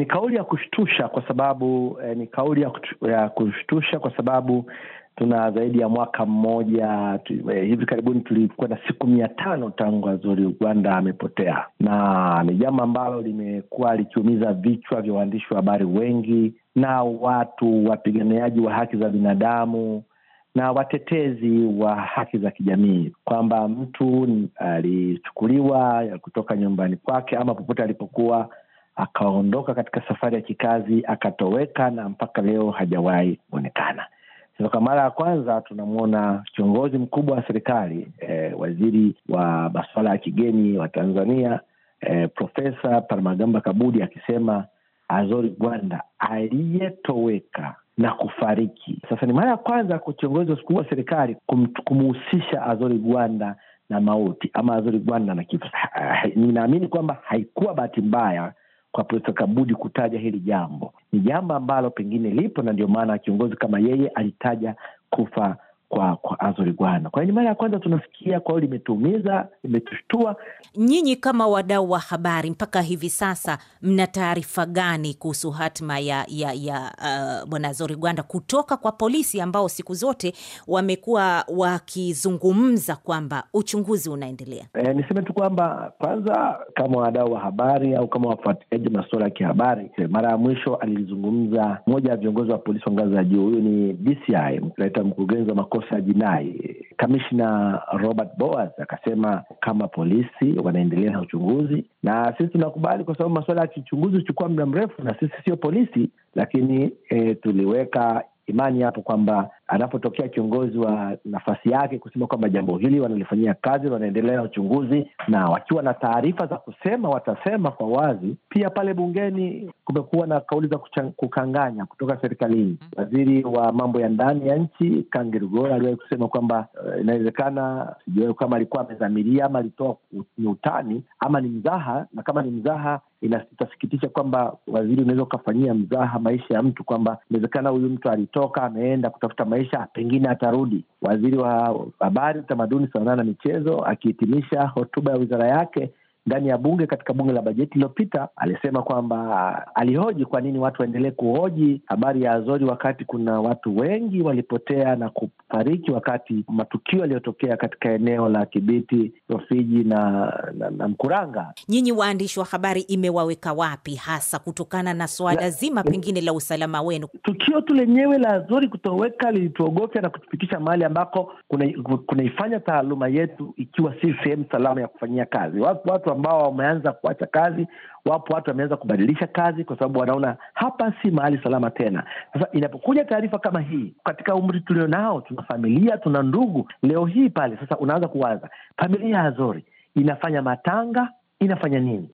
Ni kauli ya kushtusha kwa sababu eh, ni kauli ya kushtusha kwa sababu tuna zaidi ya mwaka mmoja tu, eh, hivi karibuni tulikuwa na siku mia tano tangu Azory Uganda amepotea, na ni jambo ambalo limekuwa likiumiza vichwa vya waandishi wa habari wengi na watu wapiganiaji wa haki za binadamu na watetezi wa haki za kijamii kwamba mtu eh, alichukuliwa kutoka nyumbani kwake ama popote alipokuwa akaondoka katika safari ya kikazi akatoweka, na mpaka leo hajawahi kuonekana. Sasa kwa mara ya kwanza tunamwona kiongozi mkubwa wa serikali eh, waziri wa masuala ya kigeni wa Tanzania eh, Profesa parmagamba Kabudi akisema Azori Gwanda aliyetoweka na kufariki. Sasa ni mara ya kwanza kwa kiongozi mkuu wa serikali kumhusisha Azori Gwanda na mauti ama Azori Gwanda na kifo. Ninaamini kwamba haikuwa bahati mbaya kwa Profesa Kabudi kutaja hili jambo. Ni jambo ambalo pengine lipo, na ndio maana kiongozi kama yeye alitaja kufa kwa kwa Azori Kwa hiyo ni mara ya kwanza tunasikia, kwa hiyo limetuumiza, limetushtua. Nyinyi kama wadau wa habari, mpaka hivi sasa mna taarifa gani kuhusu hatima ya ya ya uh, bwana Azori Gwanda kutoka kwa polisi ambao siku zote wamekuwa wakizungumza kwamba uchunguzi unaendelea? E, niseme tu kwamba kwanza, kama wadau wa habari au kama wafuatiliaji masuala ya kihabari, mara ya mwisho alilizungumza mmoja ya viongozi wa polisi wa ngazi za juu, huyu ni DCI mkurugenzi wa makosa jinai. Kamishna Robert Boas akasema kama polisi wanaendelea na uchunguzi, na sisi tunakubali, kwa sababu masuala ya kichunguzi huchukua muda mrefu, na sisi sio polisi, lakini e, tuliweka imani hapo kwamba anapotokea kiongozi wa nafasi yake kusema kwamba jambo hili wanalifanyia kazi, wanaendelea uchunguzi, na wakiwa na taarifa za kusema watasema kwa wazi. Pia pale bungeni kumekuwa na kauli za kukanganya kutoka serikalini. Mm-hmm. Waziri wa mambo ya ndani ya nchi Kangi Lugola aliwahi kusema kwamba uh, inawezekana, sijui kama alikuwa amedhamiria ama alitoa ni utani ama ni mzaha, na kama ni mzaha itasikitisha kwamba waziri, unaweza ukafanyia mzaha maisha ya mtu, kwamba inawezekana huyu mtu alitoka ameenda kutafuta maisha, pengine atarudi. Waziri wa habari, utamaduni, sanaa na michezo akihitimisha hotuba ya wizara yake ndani ya bunge katika bunge la bajeti iliyopita alisema kwamba uh, alihoji kwa nini watu waendelee kuhoji habari ya azori wakati kuna watu wengi walipotea na kufariki wakati matukio yaliyotokea katika eneo la Kibiti, Rufiji na, na, na Mkuranga. Nyinyi waandishi wa habari imewaweka wapi hasa kutokana na suala zima pengine la usalama wenu? Tukio tu lenyewe la azori kutoweka lilituogofya na kutufikisha mahali ambako kunaifanya kuna taaluma yetu ikiwa si sehemu salama ya kufanyia kazi watu, watu ambao wameanza kuacha kazi, wapo watu wameanza kubadilisha kazi kwa sababu wanaona hapa si mahali salama tena. Sasa inapokuja taarifa kama hii, katika umri tulionao, tuna familia, tuna ndugu, leo hii pale sasa unaanza kuwaza familia ya Azori inafanya matanga, inafanya nini?